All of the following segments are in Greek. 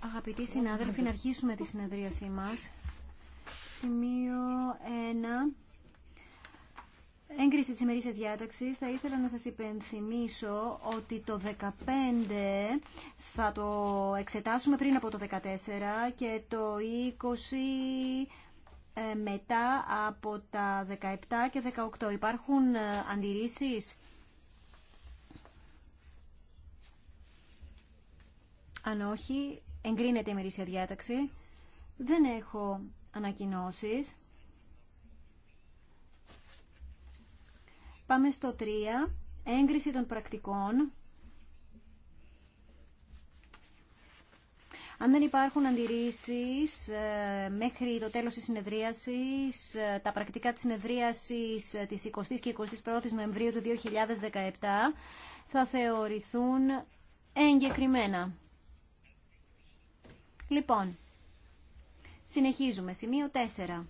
Αγαπητοί συνάδελφοι, να αρχίσουμε τη συνεδρίασή μας. Σημείο 1. Έγκριση της ημερήσιας διάταξης. Θα ήθελα να σας υπενθυμίσω ότι το 15 θα το εξετάσουμε πριν από το 14 και το 20 ε, μετά από τα 17 και 18. Υπάρχουν ε, αντιρρήσεις Αν όχι, εγκρίνεται η μερίσια διάταξη. Δεν έχω ανακοινώσεις. Πάμε στο 3. Έγκριση των πρακτικών. Αν δεν υπάρχουν αντιρρήσεις ε, μέχρι το τέλος της συνεδρίασης, ε, τα πρακτικά της συνεδρίασης ε, της 20ης και 21ης Νοεμβρίου του 2017 θα θεωρηθούν εγκεκριμένα. Λοιπόν, συνεχίζουμε. Σημείο 4.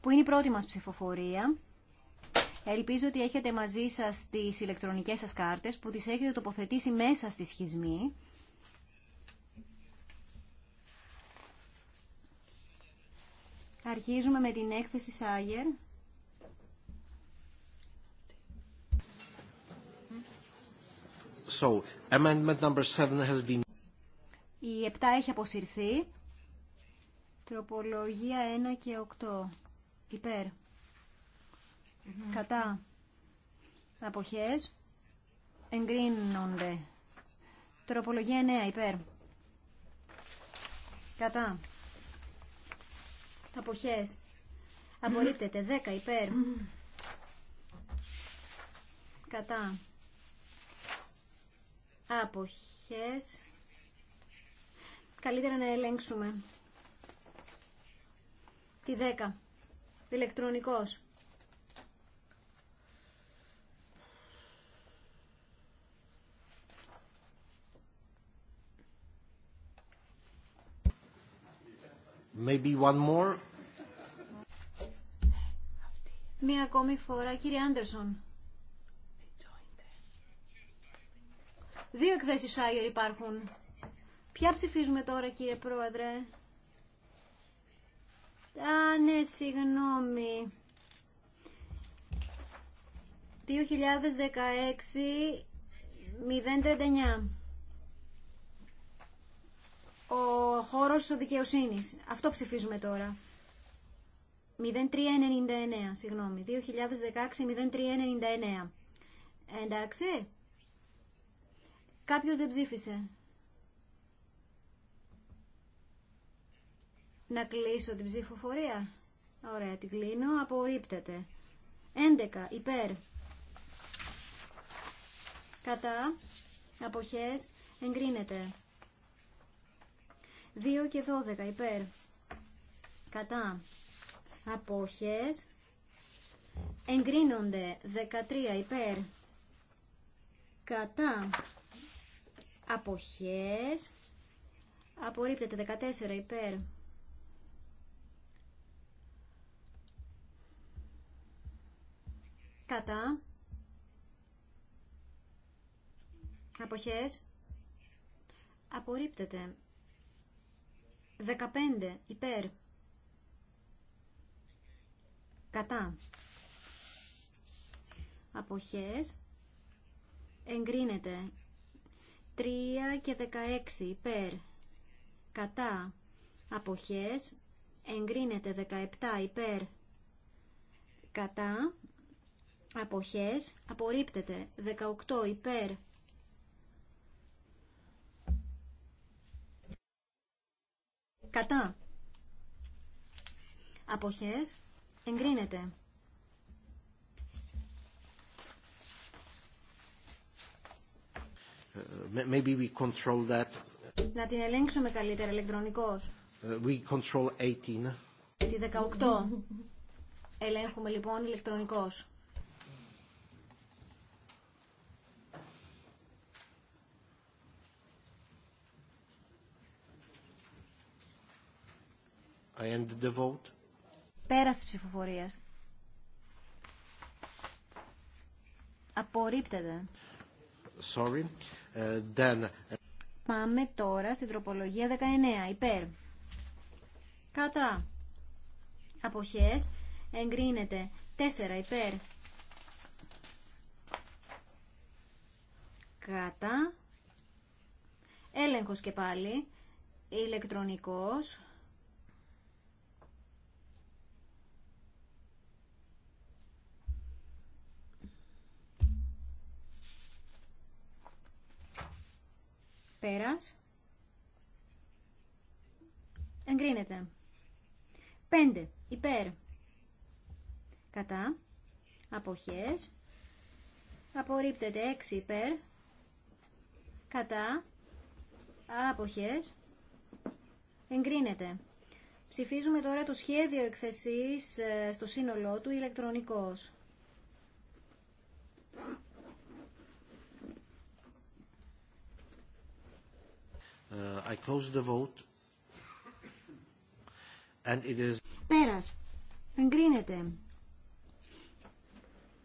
που είναι η πρώτη μας ψηφοφορία. Ελπίζω ότι έχετε μαζί σας τις ηλεκτρονικές σας κάρτες που τις έχετε τοποθετήσει μέσα στη σχισμή. Αρχίζουμε με την έκθεση Σάγερ. So, amendment number has been... Η 7 έχει αποσυρθεί. Τροπολογία 1 και 8. Υπέρ. Mm -hmm. Κατά. Αποχέ. Εγκρίνονται. Τροπολογία 9. Υπέρ. Κατά. Αποχές. Απορρίπτεται. 10. Υπέρ. Κατά. Αποχές. Καλύτερα να ελέγξουμε. Τη 10. Ηλεκτρονικός. Maybe one more. Μία ακόμη φορά, κύριε Άντερσον. Δύο εκθέσει Σάιερ υπάρχουν. Ποια ψηφίζουμε τώρα κύριε Πρόεδρε. Α, ναι, συγγνώμη. 2016-039. Ο χώρος δικαιοσύνης. Αυτό ψηφίζουμε τώρα. 0399, συγγνώμη. 2016-0399. Εντάξει. Κάποιος δεν ψήφισε. Να κλείσω την ψηφοφορία. Ωραία, την κλείνω. Απορρίπτεται. 11. Υπέρ. Κατά. Αποχές. Εγκρίνεται. 2 και 12. Υπέρ. Κατά. Αποχές. Εγκρίνονται. 13. Υπέρ. Κατά αποχές απορρίπτεται 14 υπέρ κατά αποχές απορρίπτεται 15 υπέρ κατά αποχές εγκρίνεται 3 και 16 υπέρ κατά αποχές εγκρίνεται 17 υπέρ κατά αποχές απορρίπτεται 18 υπέρ κατά αποχές εγκρίνεται Uh, maybe we control that. Να την ελέγξουμε καλύτερα ηλεκτρονικώς. Uh, we control 18. Τη 18. Ελέγχουμε λοιπόν ηλεκτρονικώς. I end the vote. Πέρασε ψηφοφορίας. Απορρίπτεται sorry. Ε, then... Ε, Πάμε τώρα στην τροπολογία 19. Υπέρ. Κατά. Αποχές. Εγκρίνεται. 4. Υπέρ. Κατά. Έλεγχος και πάλι. Ηλεκτρονικός. Πέρας. Εγκρίνεται. 5. Υπέρ. Κατά. Αποχές. Απορρίπτεται. 6. Υπέρ. Κατά. Αποχές. Εγκρίνεται. Ψηφίζουμε τώρα το σχέδιο εκθεσής ε, στο σύνολό του ηλεκτρονικός. Uh, I the Πέρας. Εγκρίνεται.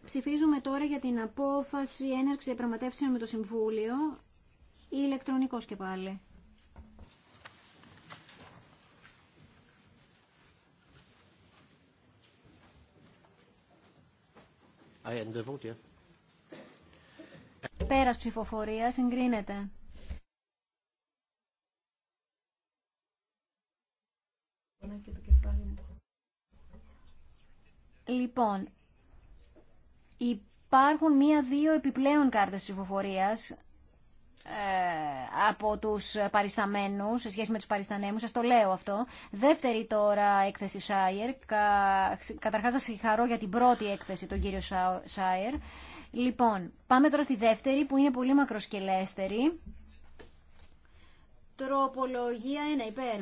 Ψηφίζουμε τώρα για την απόφαση έναρξη διαπραγματεύσεων με το Συμβούλιο, ή ηλεκτρονικός και πάλι. I end Πέρας ψηφοφορίας εγκρίνεται. κεφάλι Λοιπόν, υπάρχουν μία-δύο επιπλέον κάρτες ψηφοφορία ε, από τους παρισταμένους, σε σχέση με τους παρισταμένους, σας το λέω αυτό. Δεύτερη τώρα έκθεση Σάιερ, κα, καταρχάς σας συγχαρώ για την πρώτη έκθεση, τον κύριο Σάιερ. Λοιπόν, πάμε τώρα στη δεύτερη που είναι πολύ μακροσκελέστερη. Τροπολογία 1 υπέρ.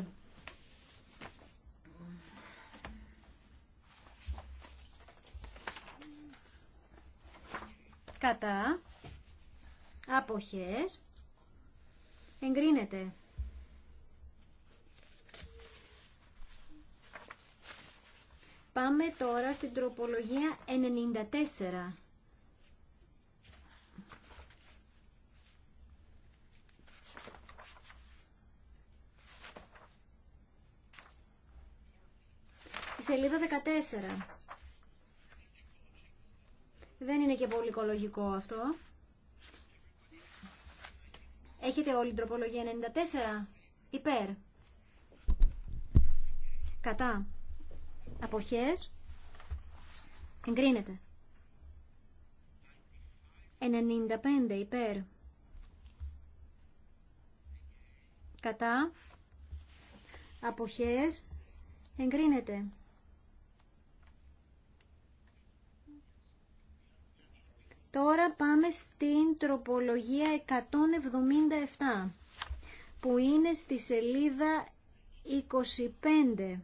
κατά, αποχές, εγκρίνεται. Πάμε τώρα στην τροπολογία 94. Στη σελίδα 14. Δεν είναι και πολύ οικολογικό αυτό. Έχετε όλη την τροπολογία 94. Υπέρ. Κατά. Αποχές. Εγκρίνεται. 95 υπέρ. Κατά. Αποχές. Εγκρίνεται. Τώρα πάμε στην τροπολογία 177 που είναι στη σελίδα 25.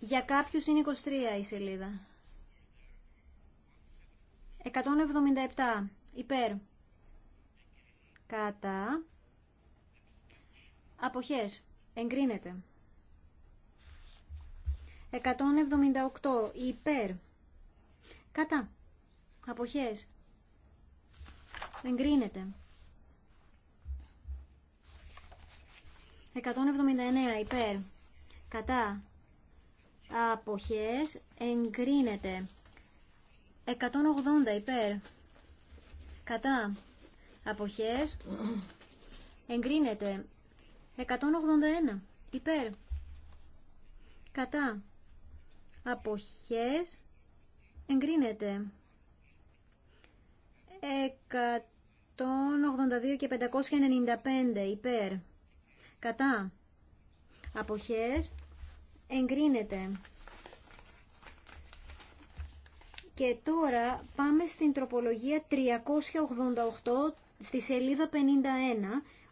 Για κάποιους είναι 23 η σελίδα. 177. Υπέρ. Κατά. Αποχές. Εγκρίνεται. 178 υπέρ κατά αποχές εγκρίνεται 179 υπέρ κατά αποχές εγκρίνεται 180 υπέρ κατά αποχές εγκρίνεται 181 υπέρ κατά αποχές εγκρίνεται 182 και 595 υπέρ κατά αποχές εγκρίνεται και τώρα πάμε στην τροπολογία 388 στη σελίδα 51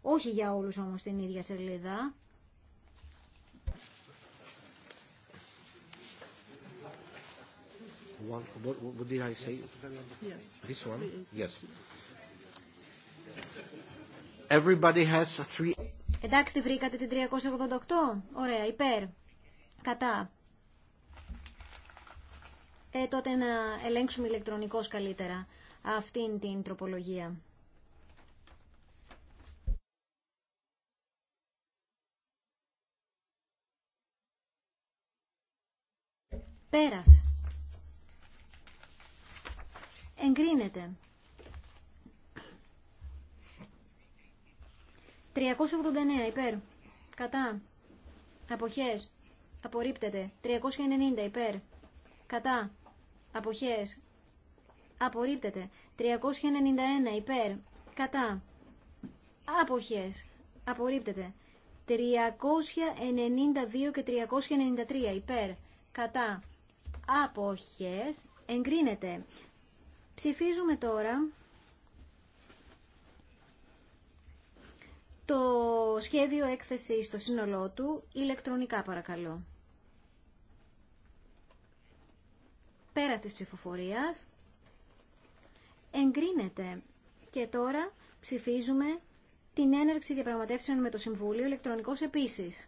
όχι για όλους όμως την ίδια σελίδα This one? Yes. Everybody has three... Εντάξει, βρήκατε την 388. Ωραία, υπέρ. Κατά. Ε, τότε να ελέγξουμε ηλεκτρονικώς καλύτερα αυτήν την τροπολογία. Πέρας εγκρίνεται. 389 υπέρ. Κατά. Αποχές. Απορρίπτεται. 390 υπέρ. Κατά. Αποχές. Απορρίπτεται. 391 υπέρ. Κατά. Αποχές. Απορρίπτεται. 392 και 393 υπέρ. Κατά. Αποχές. Εγκρίνεται. Ψηφίζουμε τώρα το σχέδιο έκθεση στο σύνολό του, ηλεκτρονικά παρακαλώ. Πέρα της ψηφοφορίας, εγκρίνεται και τώρα ψηφίζουμε την έναρξη διαπραγματεύσεων με το Συμβούλιο ηλεκτρονικός επίσης.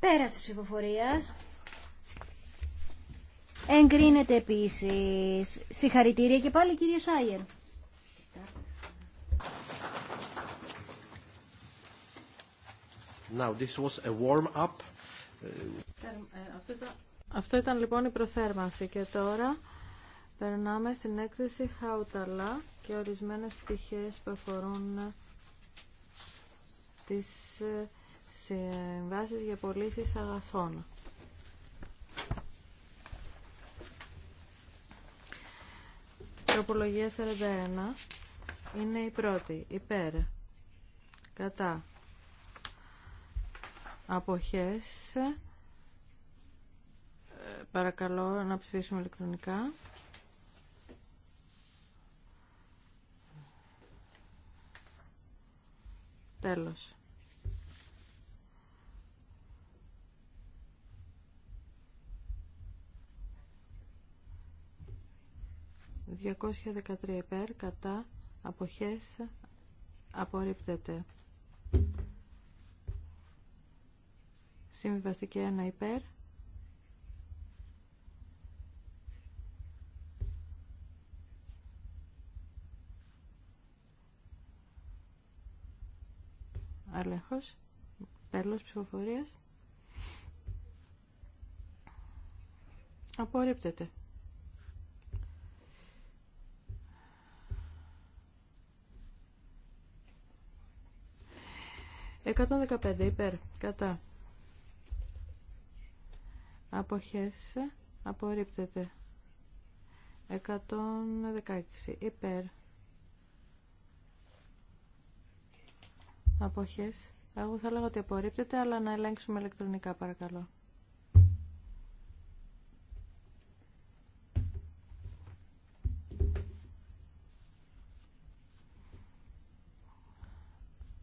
Πέρας της ψηφοφορίας. Εγκρίνεται επίσης. Συγχαρητήρια και πάλι κύριε Σάιερ. Now, Αυτό ήταν λοιπόν η προθέρμανση και τώρα περνάμε στην έκθεση Χαουταλά και ορισμένες πτυχές που αφορούν ε, τις ε, συμβάσεις για πωλήσει αγαθών. Τροπολογία 41 είναι η πρώτη, υπέρ, κατά, αποχές, ε, παρακαλώ να ψηφίσουμε ηλεκτρονικά. Τέλος. 213 υπέρ κατά αποχές απορρίπτεται. Συμβιβαστική ένα υπέρ. Αλέχος. Τέλος ψηφοφορίας. Απορρίπτεται. 115 υπέρ κατά αποχές απορρίπτεται 116 υπέρ αποχές εγώ θα λέγω ότι απορρίπτεται αλλά να ελέγξουμε ηλεκτρονικά παρακαλώ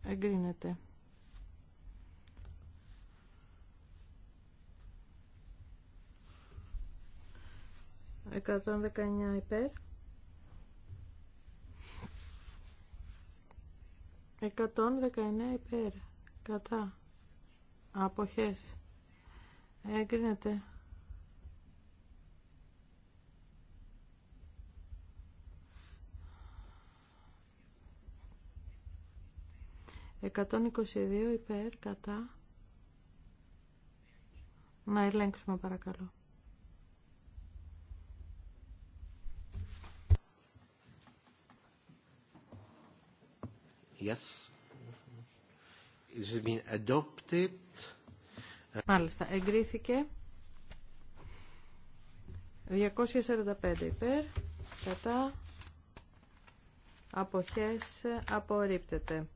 εγκρίνεται 119 υπέρ 119 υπέρ κατά αποχές έγκρινεται Εκατόν υπέρ κατά. Να ελέγξουμε παρακαλώ. Yes. It has been adopted. Μάλιστα, εγκρίθηκε. 245 υπέρ, κατά, αποχές, απορρίπτεται.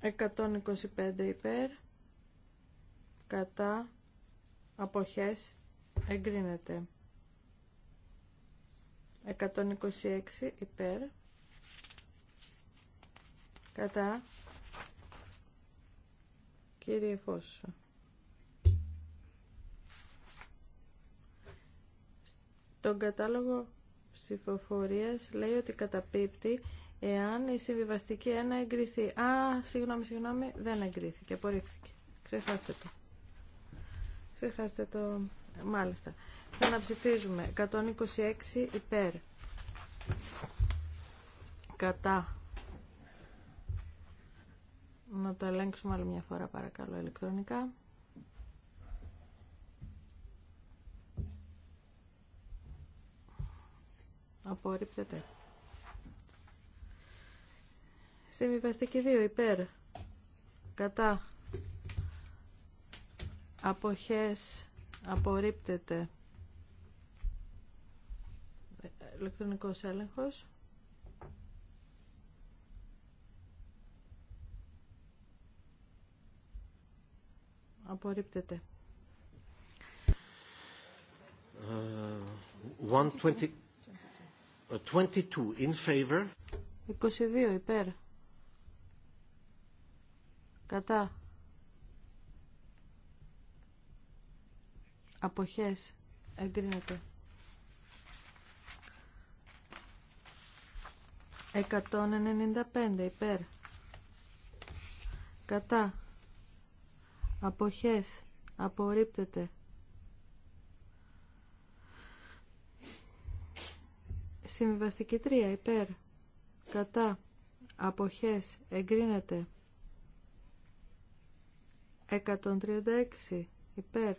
125 υπέρ, κατά, αποχές, εγκρίνεται. 126 υπέρ κατά κύριε Φώσο. Τον κατάλογο ψηφοφορίας λέει ότι καταπίπτει εάν η συμβιβαστική 1 εγκριθεί. Α, συγγνώμη, συγγνώμη, δεν εγκρίθηκε, απορρίφθηκε. Ξεχάστε το. Ξεχάστε το. Μάλιστα. Θα αναψηφίζουμε 126 υπέρ. Κατά. Να το ελέγξουμε άλλη μια φορά παρακαλώ ηλεκτρονικά. Απορρίπτεται. Συμβιβαστική 2 υπέρ. Κατά. Αποχές Απορρίπτεται. Ηλεκτρονικός έλεγχος. Απορρίπτεται. 120, ε, 22 ε, in favor. 22 υπέρ. Κατά. αποχές εγκρίνεται 195 υπέρ κατά αποχές απορρίπτεται συμβιβαστική 3 υπέρ κατά αποχές εγκρίνεται 136 υπέρ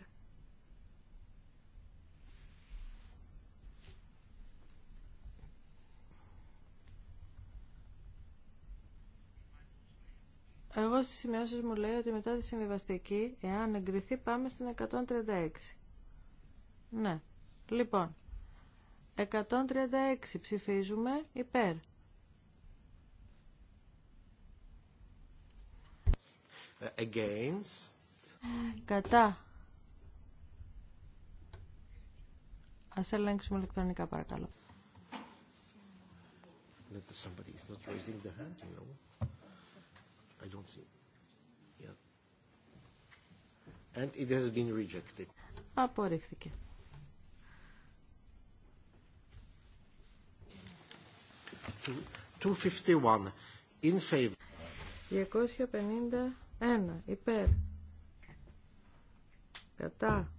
Εγώ στις σημειώσεις μου λέει ότι μετά τη συμβιβαστική, εάν εγκριθεί, πάμε στην 136. Ναι. Λοιπόν, 136 ψηφίζουμε υπέρ. Against. Κατά. Ας ελέγξουμε ηλεκτρονικά παρακαλώ. not the hand, you I don't see. Yeah. And it has been rejected. Απορρίφθηκε. 251 in favor. 251 υπέρ. Κατά.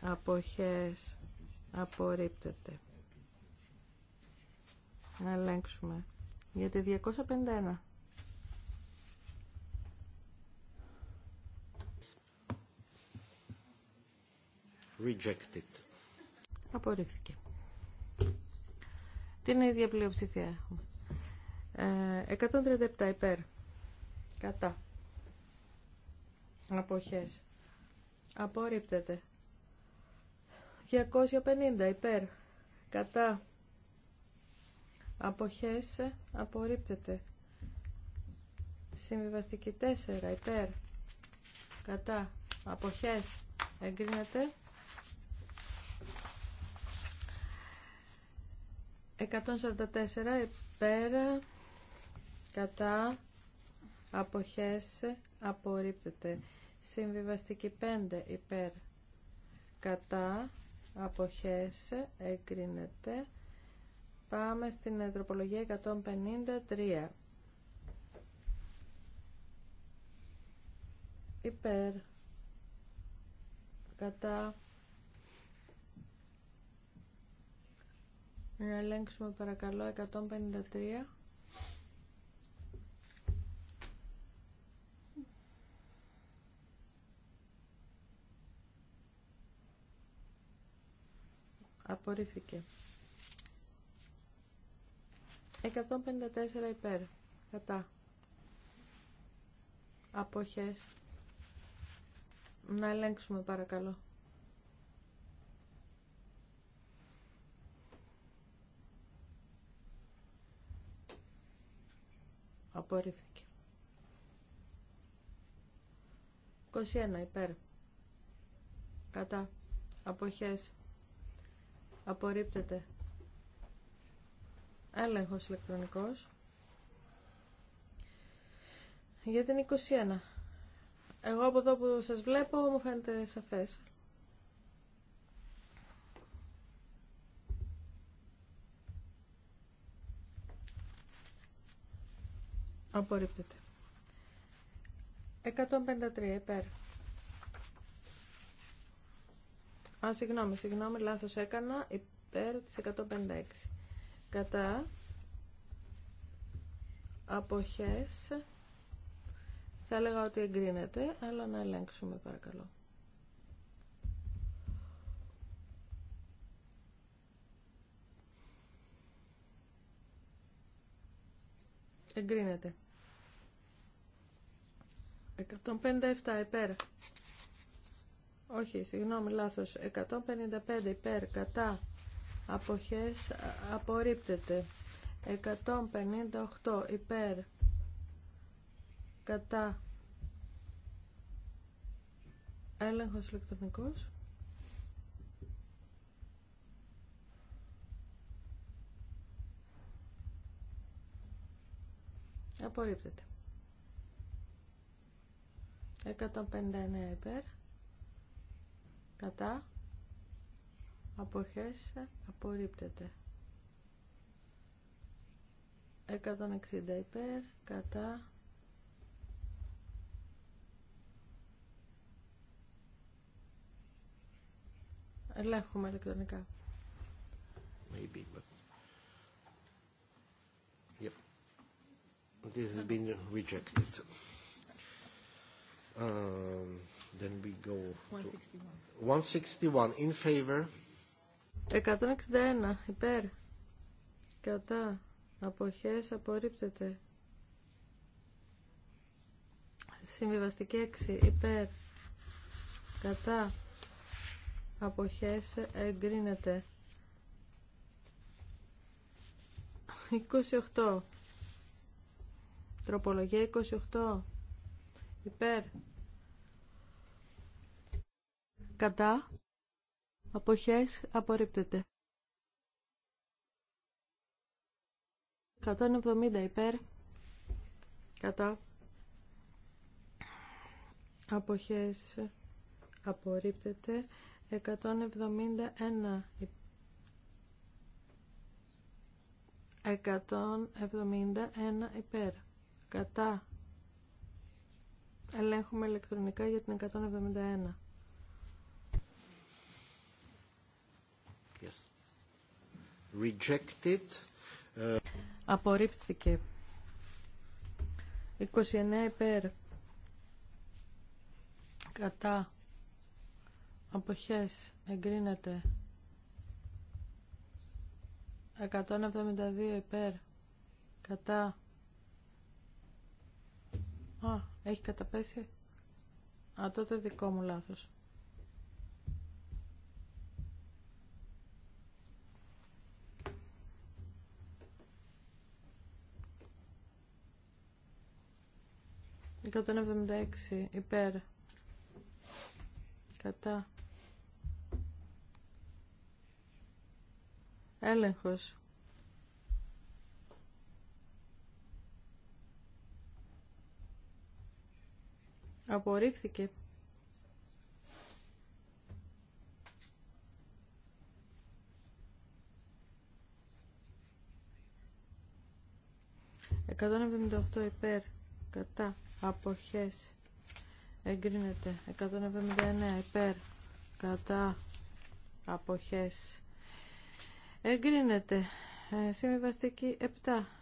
Αποχές. Απορρίπτεται. Να ελέγξουμε. Για 251. Rejected. Απορρίφθηκε. Την ίδια πλειοψηφία έχουμε. 137 υπέρ. Κατά. Αποχές. Απορρίπτεται. 250 υπέρ. Κατά. Αποχές. Απορρίπτεται. Συμβιβαστική 4 υπέρ. Κατά. Αποχές. Εγκρίνεται. 144 υπέρ κατά αποχέσε απορρίπτεται. Συμβιβαστική 5 υπέρ κατά αποχέσε εγκρίνεται. Πάμε στην τροπολογία 153. Υπέρ κατά Να ελέγξουμε παρακαλώ 153. Απορρίφθηκε. 154 υπέρ. Κατά. Αποχές. Να ελέγξουμε παρακαλώ. Απορρίφθηκε. 21 υπέρ. Κατά. Αποχές. Απορρίπτεται. Έλεγχος ηλεκτρονικός. Για την 21. Εγώ από εδώ που σας βλέπω μου φαίνεται σαφές. Απορρίπτεται. 153 υπέρ. Α, συγγνώμη, συγγνώμη, λάθος έκανα. Υπέρ της 156. Κατά αποχές θα έλεγα ότι εγκρίνεται, αλλά να ελέγξουμε παρακαλώ. εγκρίνεται. 157 υπέρ. Όχι, συγγνώμη, λάθος. 155 υπέρ, κατά, αποχές, απορρίπτεται. 158 υπέρ, κατά, έλεγχος ηλεκτρονικός. Απορρίπτεται. 159 υπέρ. Κατά. Αποχές. Απορρίπτεται. 160 υπέρ. Κατά. Ελέγχουμε ηλεκτρονικά. Maybe, but... This has been rejected. Um, Then we go 161 in favor. 161 υπέρ. Κατά. Αποχές απορρίπτεται. Συμβιβαστική 6 υπέρ. Κατά. Αποχές εγκρίνεται. 28 Τροπολογία 28. Υπέρ. Κατά. Αποχές απορρίπτεται. 170 υπέρ. Κατά. Αποχές απορρίπτεται. 171 υπέρ. 171 υπέρ κατά ελέγχουμε ηλεκτρονικά για την 171 yes. Rejected. Uh, Απορρίφθηκε. 29 υπέρ. Κατά. Αποχές. Εγκρίνεται. 172 υπέρ. Κατά. Α, έχει καταπέσει. Α, τότε δικό μου λάθος. Η 176 υπέρ. Κατά. Έλεγχος. Απορρίφθηκε. 198 υπέρ. Κατά. Αποχές. Εγκρίνεται. 179 υπέρ. Κατά. Αποχές. Εγκρίνεται. Ε, συμβιβαστική 7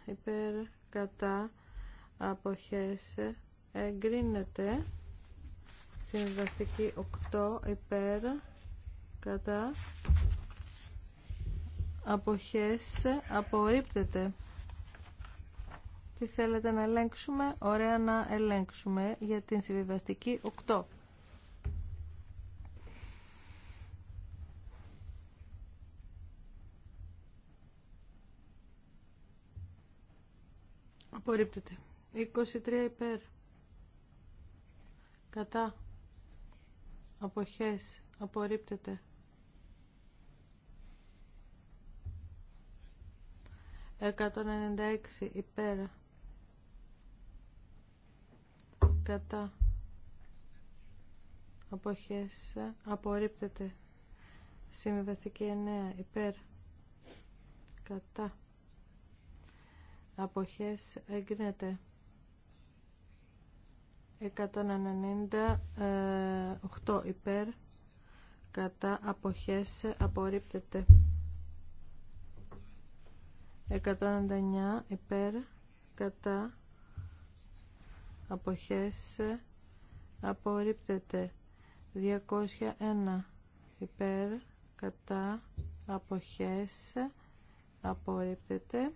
υπέρ. Κατά. Αποχές εγκρίνεται συμβαστική 8 υπέρ κατά αποχές απορρίπτεται τι θέλετε να ελέγξουμε ωραία να ελέγξουμε για την συμβιβαστική 8 Απορρίπτεται. 23 υπέρ κατά αποχές απορρίπτεται 196 υπέρ κατά αποχές απορρίπτεται συμβιβαστική 9 υπέρ κατά αποχές εγκρίνεται 198 ε, υπέρ κατά αποχές απορρίπτεται 199 υπέρ κατά αποχές απορρίπτεται 201 υπέρ κατά αποχές απορρίπτεται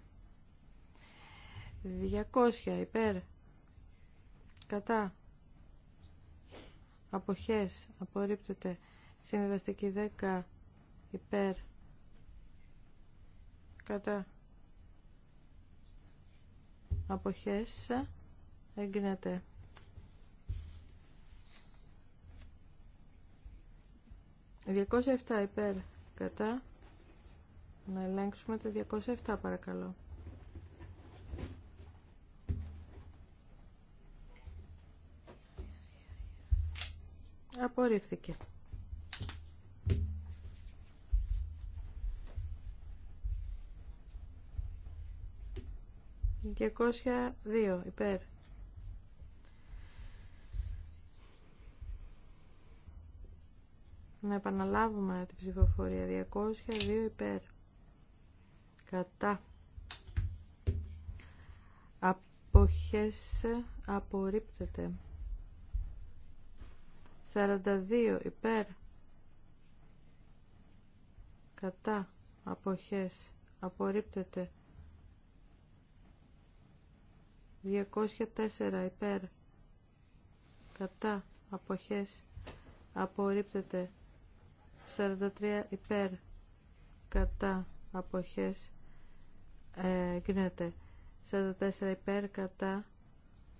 200 υπέρ κατά αποχές απορρίπτεται συμβιβαστική 10 υπέρ κατά αποχές εγκρίνεται 207 υπέρ κατά να ελέγξουμε τα 207 παρακαλώ. Απορρίφθηκε. Διακόσια δύο υπέρ. Να επαναλάβουμε την ψηφοφορία. 202 υπέρ. Κατά. Αποχές απορρίπτεται. 42 υπέρ κατά αποχές απορρίπτεται 204 υπέρ κατά αποχές απορρίπτεται 43 υπέρ κατά αποχές ε, γίνεται 44 υπέρ κατά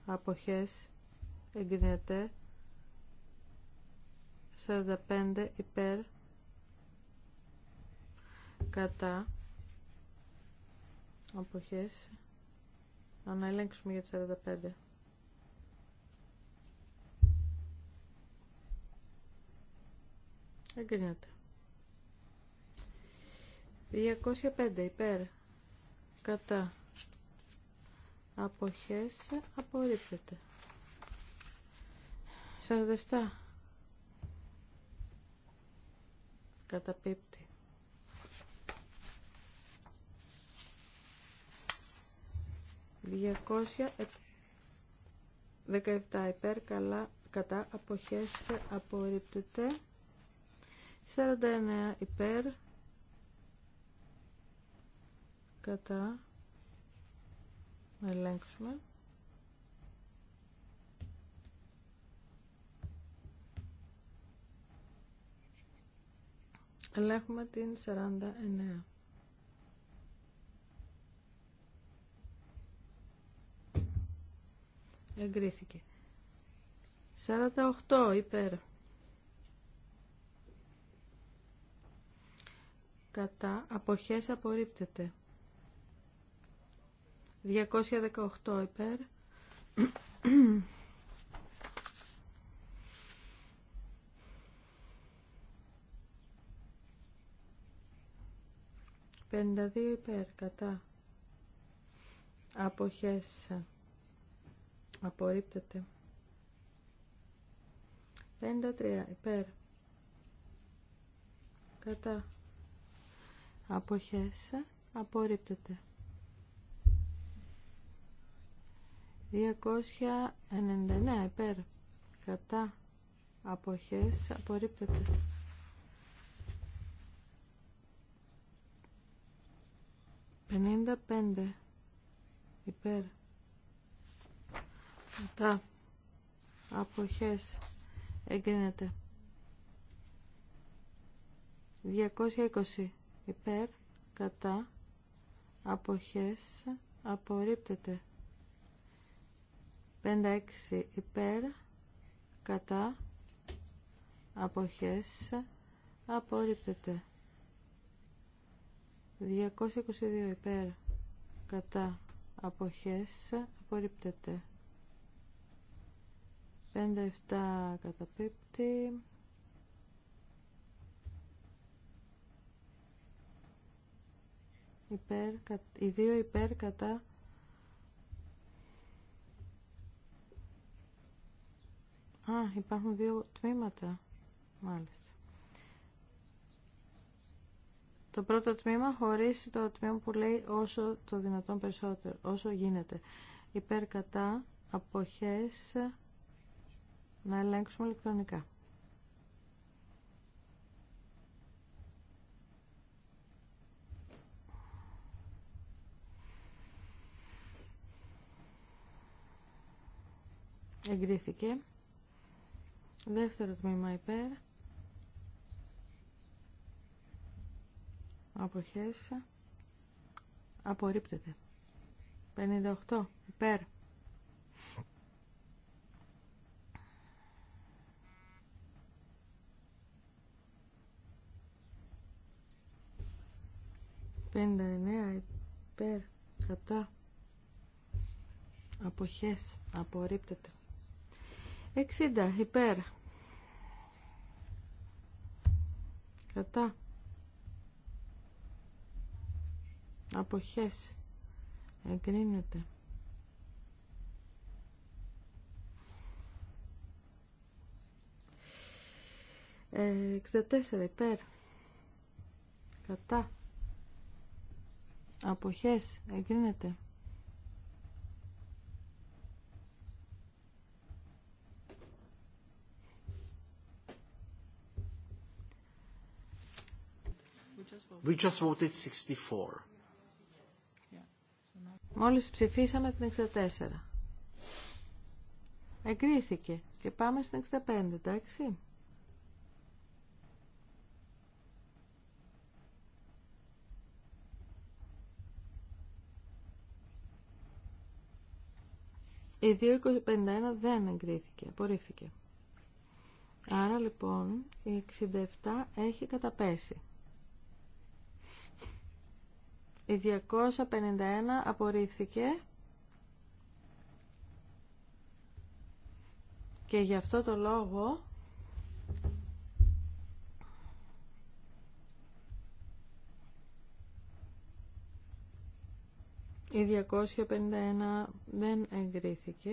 αποχές εγκρίνεται 45 υπέρ κατά αποχές να ελέγξουμε για τις 45 εγκρίνεται 205 υπέρ κατά αποχές απορρίπτεται 47 καταπίπτει. 217 δεκαεπτά υπέρ καλά κατά αποχές απορρίπτεται. 49 υπέρ κατά να ελέγξουμε Ελέγχουμε την 49. Εγκρίθηκε. 48 υπέρ. Κατά αποχές απορρίπτεται. 218 υπέρ. 52 υπέρ κατά αποχές απορρίπτεται 53 υπέρ κατά αποχές απορρίπτεται 299 υπέρ κατά αποχές απορρίπτεται 55 υπέρ κατά αποχές εγκρίνεται 220 υπέρ κατά αποχές απορρίπτεται 56 υπέρ κατά αποχές απορρίπτεται 222 υπέρ κατά αποχές απορρίπτεται 57 καταπίπτει Οι δύο υπέρ κατά Α, υπάρχουν δύο τμήματα μάλιστα το πρώτο τμήμα χωρίς το τμήμα που λέει όσο το δυνατόν περισσότερο, όσο γίνεται. Υπέρ κατά αποχές να ελέγξουμε ηλεκτρονικά. Εγκρίθηκε. Δεύτερο τμήμα υπέρ. αποχές απορρίπτεται 58 υπέρ Πέντα εννέα υπέρ κατά αποχές απορρίπτεται 60 υπέρ κατά αποχές εγκρίνεται ε, 64 υπέρ κατά αποχές εγκρίνεται We just voted 64. Μόλις ψηφίσαμε την 64. Εγκρίθηκε και πάμε στην 65, εντάξει. Η 251 δεν εγκρίθηκε, απορρίφθηκε. Άρα λοιπόν η 67 έχει καταπέσει. Η 251 απορρίφθηκε και γι' αυτό το λόγο η 251 δεν εγκρίθηκε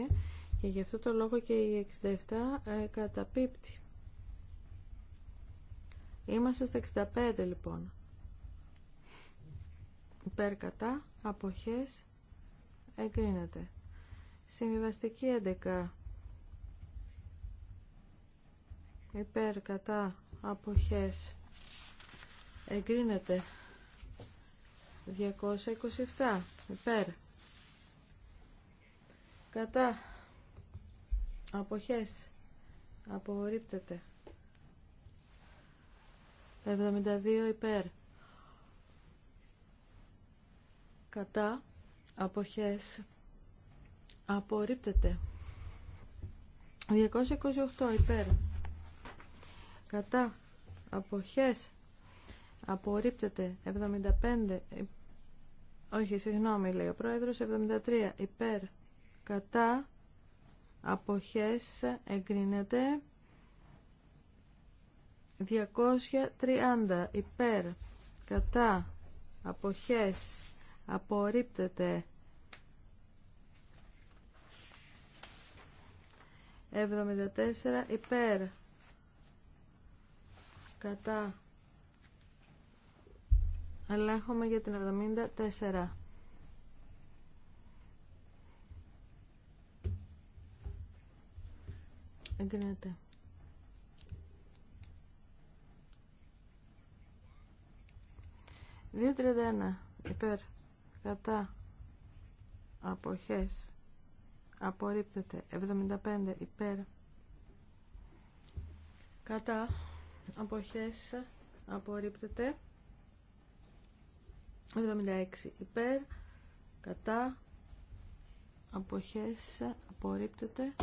και γι' αυτό το λόγο και η 67 ε, καταπίπτει. Είμαστε στα 65 λοιπόν υπέρ κατά αποχές εγκρίνεται. Συμβιβαστική 11 υπέρ κατά αποχές εγκρίνεται. 227 υπέρ κατά αποχές απορρίπτεται. 72 υπέρ κατά αποχές απορρίπτεται 228 υπέρ κατά αποχές απορρίπτεται 75 όχι συγγνώμη λέει ο πρόεδρος 73 υπέρ κατά αποχές εγκρίνεται 230 υπέρ κατά αποχές απορρίπτεται 74 υπέρ κατά ελέγχουμε για την 74 εγκρίνεται 2.31 υπέρ κατά αποχές απορρίπτεται 75 υπέρ κατά αποχές απορρίπτεται 76 υπέρ κατά αποχές απορρίπτεται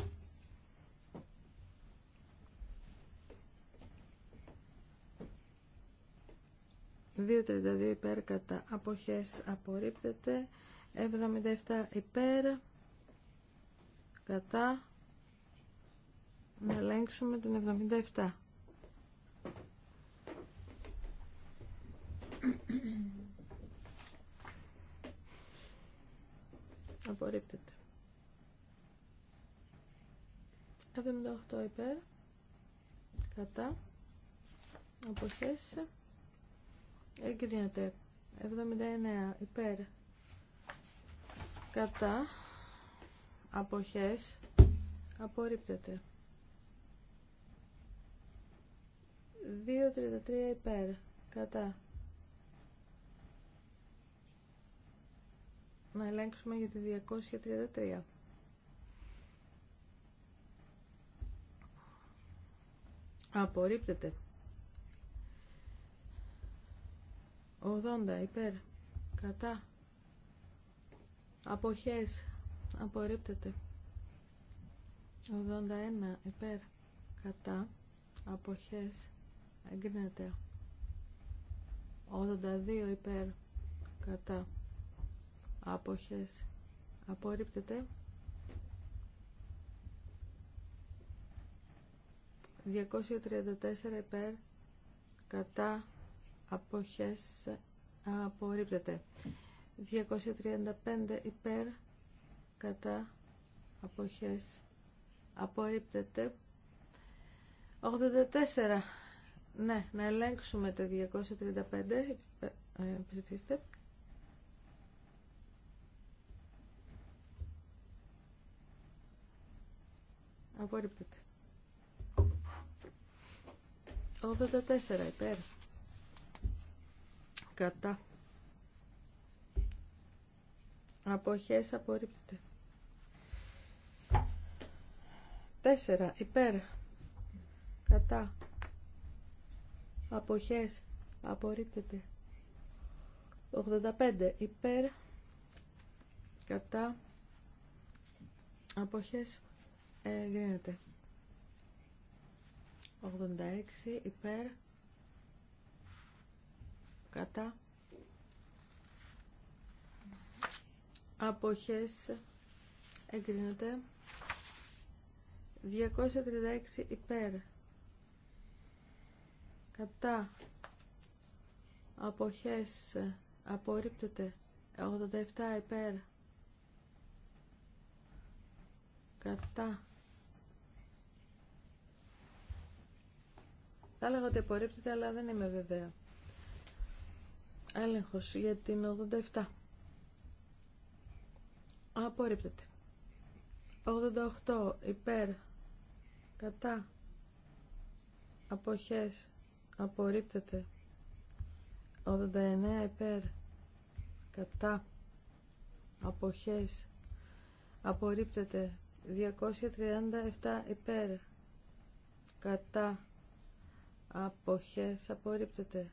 2.32 υπέρ κατά αποχές απορρίπτεται 77 υπέρ κατά να ελέγξουμε την 77 απορρίπτεται 78 υπέρ κατά αποχές εγκρίνεται 79 υπέρ κατά αποχές απορρίπτεται 2.33 υπέρ κατά να ελέγξουμε για τη 233 απορρίπτεται 80 υπέρ κατά αποχές απορρίπτεται 81 υπέρ κατά αποχές εγκρίνεται 82 υπέρ κατά άποχες απορρίπτεται 234 υπέρ κατά αποχές απορρίπτεται 235 υπέρ κατά αποχές απορρίπτεται 84 ναι, να ελέγξουμε το 235 ε, ε, ψηφίστε απορρίπτεται 84 υπέρ κατά αποχές απορρίπτεται Τέσσερα υπέρ κατά αποχές απορρίπτεται 85 υπέρ κατά αποχές εγκρίνεται 86 υπέρ κατά αποχές εγκρίνεται 236 υπέρ κατά αποχές απορρίπτεται 87 υπέρ κατά θα έλεγα ότι απορρίπτεται αλλά δεν είμαι βεβαία Έλεγχος για την 87. Απορρίπτεται. 88 υπέρ κατά αποχές απορρίπτεται. 89 υπέρ κατά αποχές απορρίπτεται. 237 υπέρ κατά αποχές απορρίπτεται.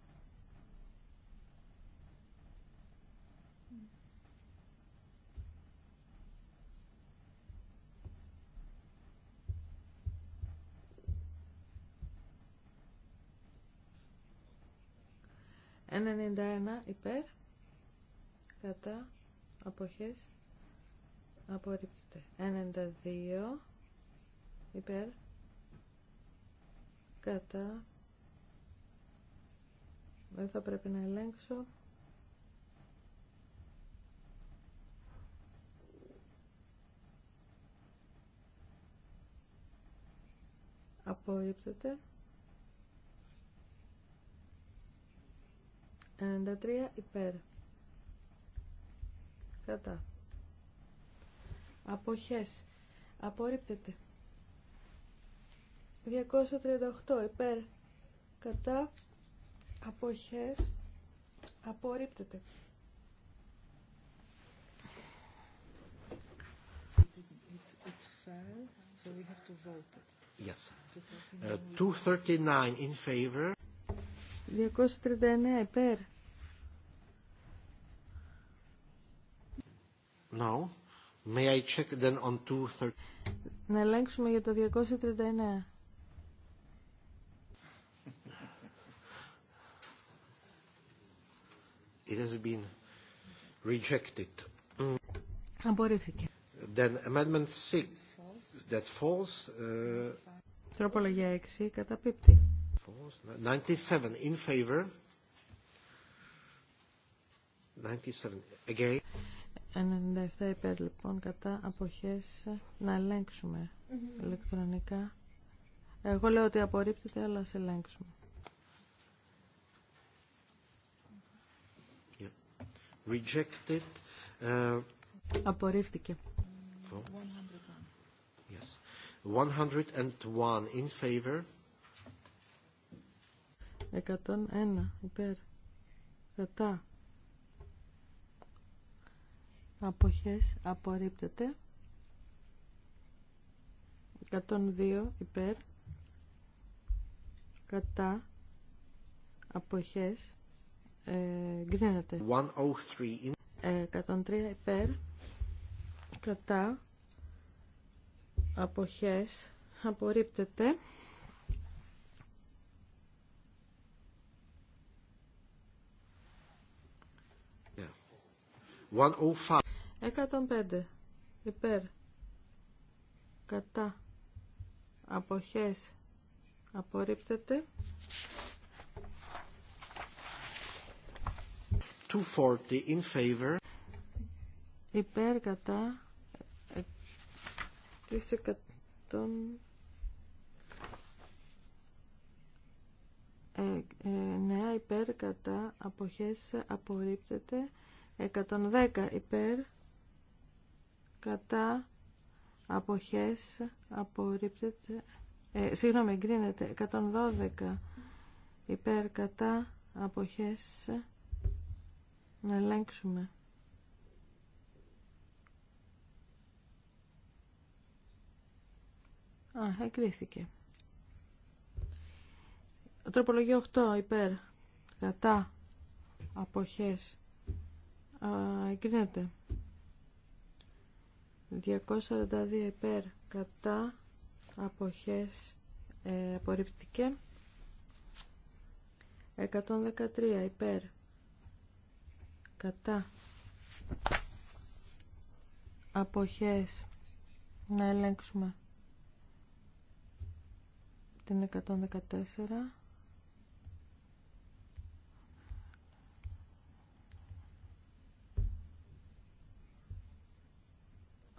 91 υπέρ κατά αποχές απορρίπτεται 92 υπέρ κατά δεν θα πρέπει να ελέγξω απορρίπτεται 93 υπέρ. Κατά. Αποχές. Απορρίπτεται. 238 υπέρ. Κατά. Αποχές. Απορρίπτεται. Yes. 239 uh, in favor. 239 υπέρ Now, May I check then on two... Να ελέγξουμε για το 239. It has been rejected. Απορρίφθηκε. Then amendment 6 that falls. Uh... Τροπολογία 6 καταπίπτει. 97 in favor. 97 again. 97 υπέρ λοιπόν κατά αποχές να ελέγξουμε ηλεκτρονικά. Εγώ λέω ότι απορρίπτεται αλλά σε ελέγξουμε. Yeah. Rejected. Uh... Απορρίφθηκε. 101. Yes. 101 in favor. 101 υπέρ. Κατά αποχές απορρίπτεται 102 υπέρ κατά αποχές ε, γκρίνεται 103 υπέρ κατά αποχές απορρίπτεται yeah. 105 105 υπέρ κατά αποχές απορρίπτεται 240 in favor υπέρ κατά ε, της εκατόν... ε, ε, νέα υπέρ κατά αποχές απορρίπτεται 110 υπέρ κατά αποχές απορρίπτεται ε, συγγνώμη εγκρίνεται 112 υπέρ κατά αποχές να ελέγξουμε Α, εγκρίθηκε. Τροπολογία 8 υπέρ κατά αποχές εγκρίνεται 242 υπέρ κατά αποχές ε, απορριπτήκε 113 υπέρ κατά αποχές να ελέγξουμε την 114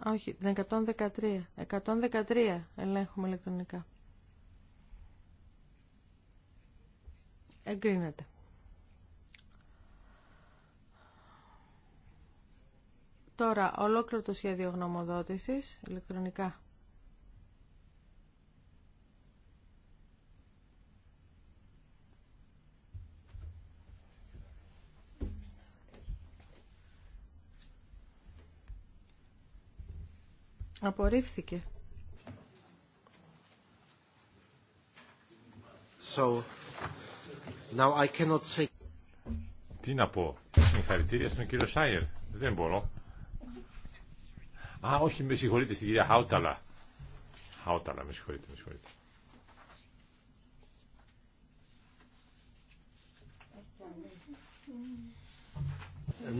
Όχι, 113. 113 ελέγχουμε ηλεκτρονικά. Εγκρίνεται. Τώρα, ολόκληρο το σχέδιο γνωμοδότησης, ηλεκτρονικά Απορρίφθηκε. So, now I cannot say... Τι να πω, συγχαρητήρια στον κύριο Σάιερ. Δεν μπορώ. Α, όχι, με συγχωρείτε στην κυρία Χάουταλα. Χάουταλα, με συγχωρείτε, με συγχωρείτε.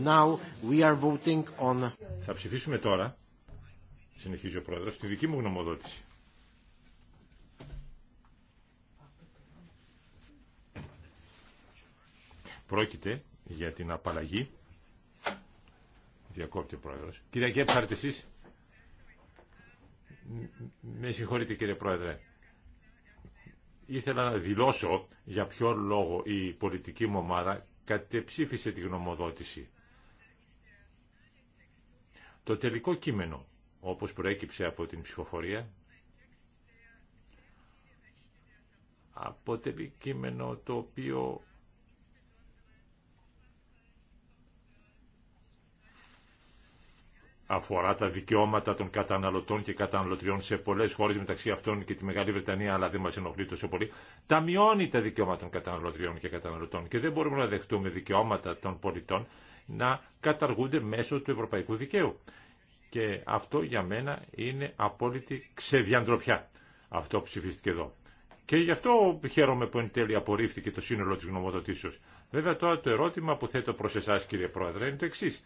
Now we are voting on... Θα ψηφίσουμε τώρα συνεχίζει ο πρόεδρο τη δική μου γνωμοδότηση. Πρόκειται για την απαλλαγή. Διακόπτει ο Πρόεδρος. Κυρία Γκέπχαρτ, εσείς. Με συγχωρείτε κύριε Πρόεδρε. Ήθελα να δηλώσω για ποιο λόγο η πολιτική μου ομάδα κατεψήφισε τη γνωμοδότηση. Το τελικό κείμενο όπως προέκυψε από την ψηφοφορία, αποτελεί κείμενο το οποίο αφορά τα δικαιώματα των καταναλωτών και καταναλωτριών σε πολλές χώρες μεταξύ αυτών και τη Μεγάλη Βρετανία αλλά δεν μας ενοχλεί τόσο πολύ τα μειώνει τα δικαιώματα των καταναλωτριών και καταναλωτών και δεν μπορούμε να δεχτούμε δικαιώματα των πολιτών να καταργούνται μέσω του ευρωπαϊκού δικαίου. Και αυτό για μένα είναι απόλυτη ξεδιαντροπιά. Αυτό ψηφίστηκε εδώ. Και γι' αυτό χαίρομαι που εν τέλει απορρίφθηκε το σύνολο της γνωμοδοτήσεω. Βέβαια τώρα το ερώτημα που θέτω προ εσά, κύριε Πρόεδρε είναι το εξή.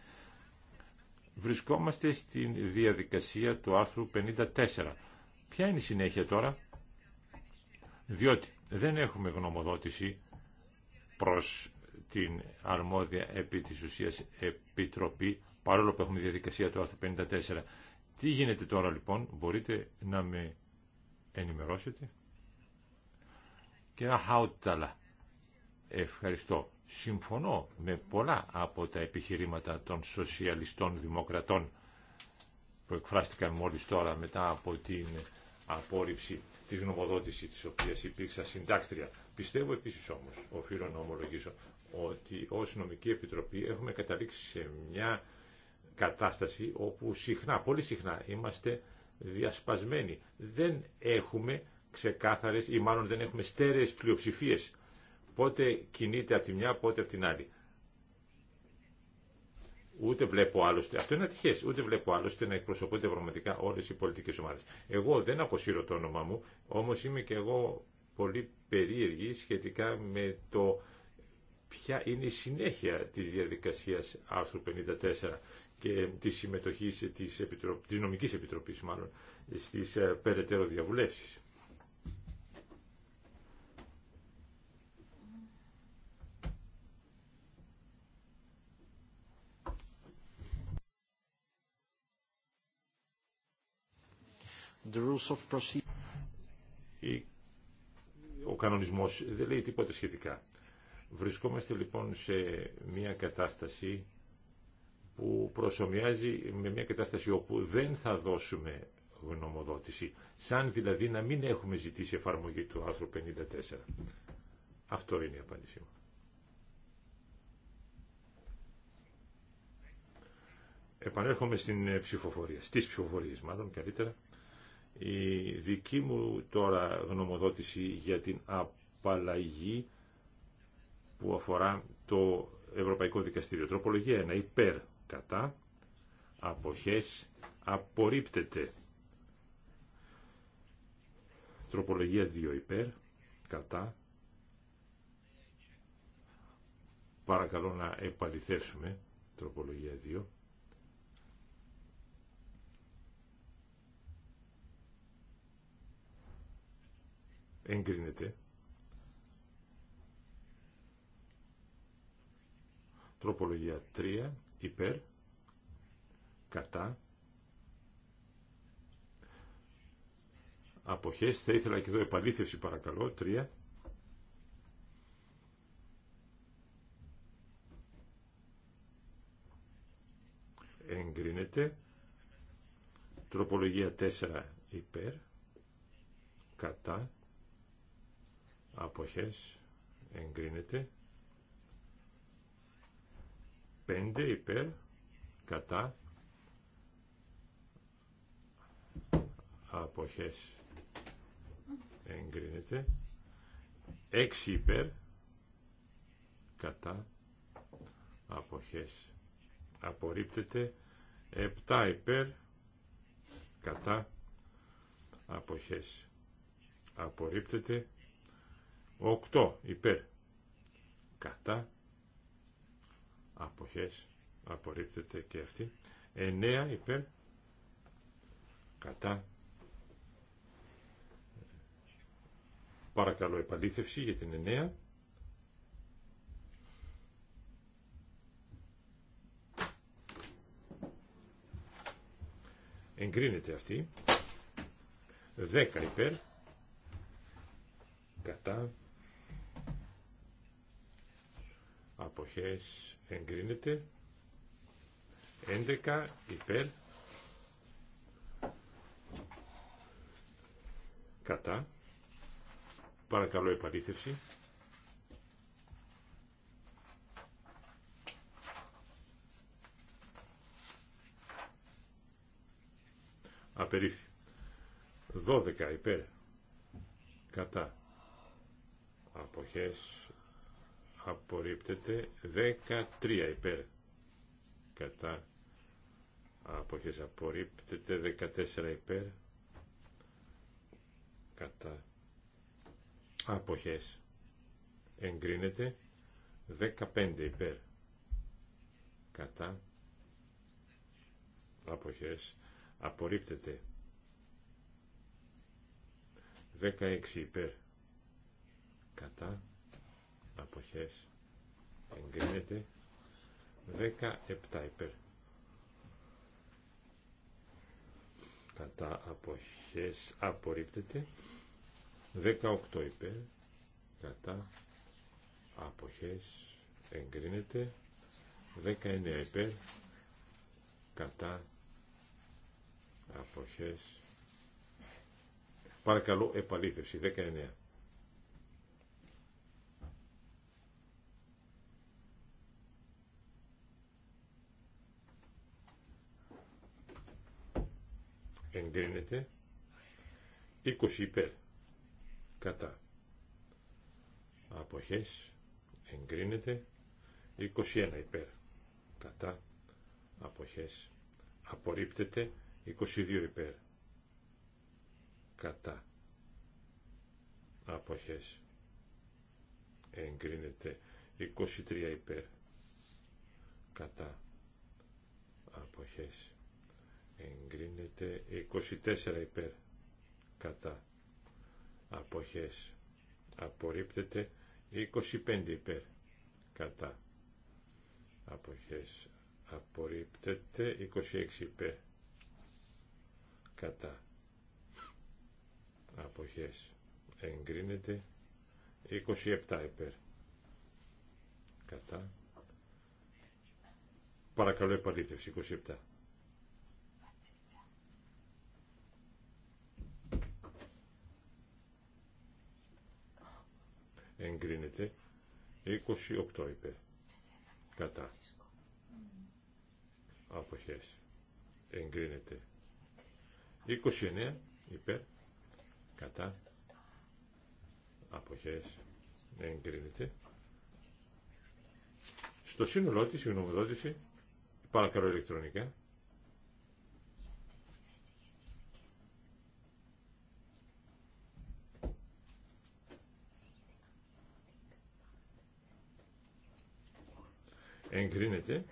Βρισκόμαστε στην διαδικασία του άρθρου 54. Ποια είναι η συνέχεια τώρα? Διότι δεν έχουμε γνωμοδότηση προς την αρμόδια επί της ουσίας επιτροπή παρόλο που έχουμε διαδικασία του άρθρου 54. Τι γίνεται τώρα λοιπόν, μπορείτε να με ενημερώσετε. και Κύριε Χάουταλα, ευχαριστώ. Συμφωνώ με πολλά από τα επιχειρήματα των σοσιαλιστών δημοκρατών που εκφράστηκαν μόλις τώρα μετά από την απόρριψη τη γνωμοδότηση της οποίας υπήρξα συντάκτρια. Πιστεύω επίσης όμως, οφείλω να ομολογήσω, ότι ως νομική επιτροπή έχουμε καταλήξει σε μια κατάσταση όπου συχνά, πολύ συχνά είμαστε διασπασμένοι. Δεν έχουμε ξεκάθαρες ή μάλλον δεν έχουμε στέρεες πλειοψηφίες. Πότε κινείται από τη μια, πότε από την άλλη. Ούτε βλέπω άλλωστε, αυτό είναι ατυχέ, ούτε βλέπω άλλωστε να εκπροσωπούνται πραγματικά όλε οι πολιτικέ ομάδε. Εγώ δεν αποσύρω το όνομά μου, όμω είμαι και εγώ πολύ περίεργη σχετικά με το ποια είναι η συνέχεια της διαδικασίας άρθρου 54 και της συμμετοχής της, νομική της Νομικής Επιτροπής μάλλον στις ε, περαιτέρω διαβουλεύσεις. The rules of Ο κανονισμός δεν λέει τίποτα σχετικά. Βρισκόμαστε λοιπόν σε μια κατάσταση που προσωμιάζει με μια κατάσταση όπου δεν θα δώσουμε γνωμοδότηση, σαν δηλαδή να μην έχουμε ζητήσει εφαρμογή του άρθρου 54. Αυτό είναι η απάντησή μου. Επανέρχομαι στην ε, ψηφοφορία, στις ψηφοφορίες μάλλον καλύτερα. Η δική μου τώρα γνωμοδότηση για την απαλλαγή που αφορά το Ευρωπαϊκό Δικαστήριο. Τροπολογία 1. Υπέρ κατά, αποχές, απορρίπτεται. Τροπολογία 2 υπέρ, κατά. Παρακαλώ να επαληθεύσουμε. Τροπολογία 2. Εγκρίνεται. Τροπολογία 3 υπέρ, κατά, αποχές, θα ήθελα και εδώ επαλήθευση παρακαλώ, τρία εγκρίνεται, τροπολογία τέσσερα υπέρ, κατά, αποχές, εγκρίνεται, 5 υπέρ κατά αποχές εγκρίνεται 6 υπέρ κατά αποχές απορρίπτεται 7 υπέρ κατά αποχές απορρίπτεται 8 υπέρ κατά αποχές απορρίπτεται και αυτή 9 υπέρ κατά παρακαλώ επαλήθευση για την 9 εγκρίνεται αυτή 10 υπέρ κατά αποχές εγκρίνεται 11 υπέρ κατά παρακαλώ επαλήθευση απερίφθη 12 υπέρ κατά αποχές απορρίπτεται 13 υπέρ κατά αποχές απορρίπτεται 14 υπέρ κατά αποχές εγκρίνεται 15 υπέρ κατά αποχές απορρίπτεται 16 υπέρ κατά αποχές εγκρίνεται 17 υπέρ κατά αποχές απορρίπτεται 18 υπέρ κατά αποχές εγκρίνεται 19 υπέρ κατά αποχές παρακαλώ επαλήθευση 19 εγκρίνεται 20 υπέρ κατά αποχές εγκρίνεται 21 υπέρ κατά αποχές απορρίπτεται 22 υπέρ κατά αποχές εγκρίνεται 23 υπέρ κατά αποχές εγκρίνεται 24 υπέρ κατά αποχές απορρίπτεται 25 υπέρ κατά αποχές απορρίπτεται 26 υπέρ κατά αποχές εγκρίνεται 27 υπέρ κατά παρακαλώ επαλήθευση 27 εγκρίνεται 28 υπέρ κατά αποχές εγκρίνεται 29 υπέρ κατά αποχές εγκρίνεται στο σύνολό της η γνωμοδότηση παρακαλώ ηλεκτρονικά εγκρίνεται.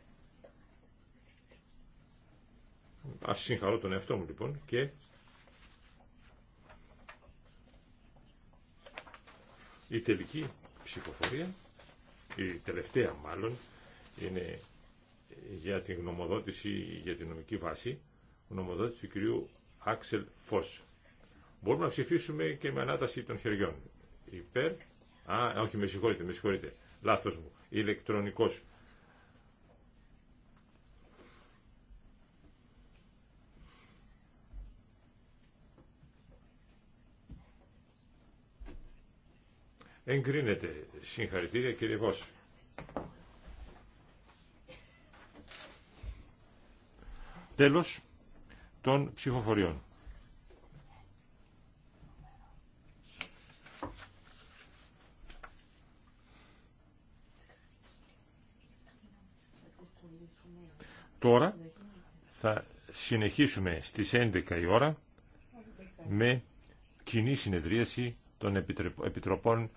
Ας συγχαρώ τον εαυτό μου λοιπόν και η τελική ψηφοφορία, η τελευταία μάλλον, είναι για την γνωμοδότηση για την νομική βάση, γνωμοδότηση του κυρίου Άξελ Φως. Μπορούμε να ψηφίσουμε και με ανάταση των χεριών. Υπέρ, α, όχι με συγχωρείτε, με συγχωρείτε, λάθος μου, ηλεκτρονικός Εγκρίνεται. Συγχαρητήρια κύριε Βόση. Τέλος των ψηφοφοριών. Τώρα θα συνεχίσουμε στις 11 η ώρα με κοινή συνεδρίαση των Επιτροπών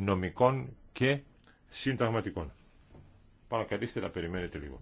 νομικών και συνταγματικών. Παρακαλείστε να περιμένετε λίγο.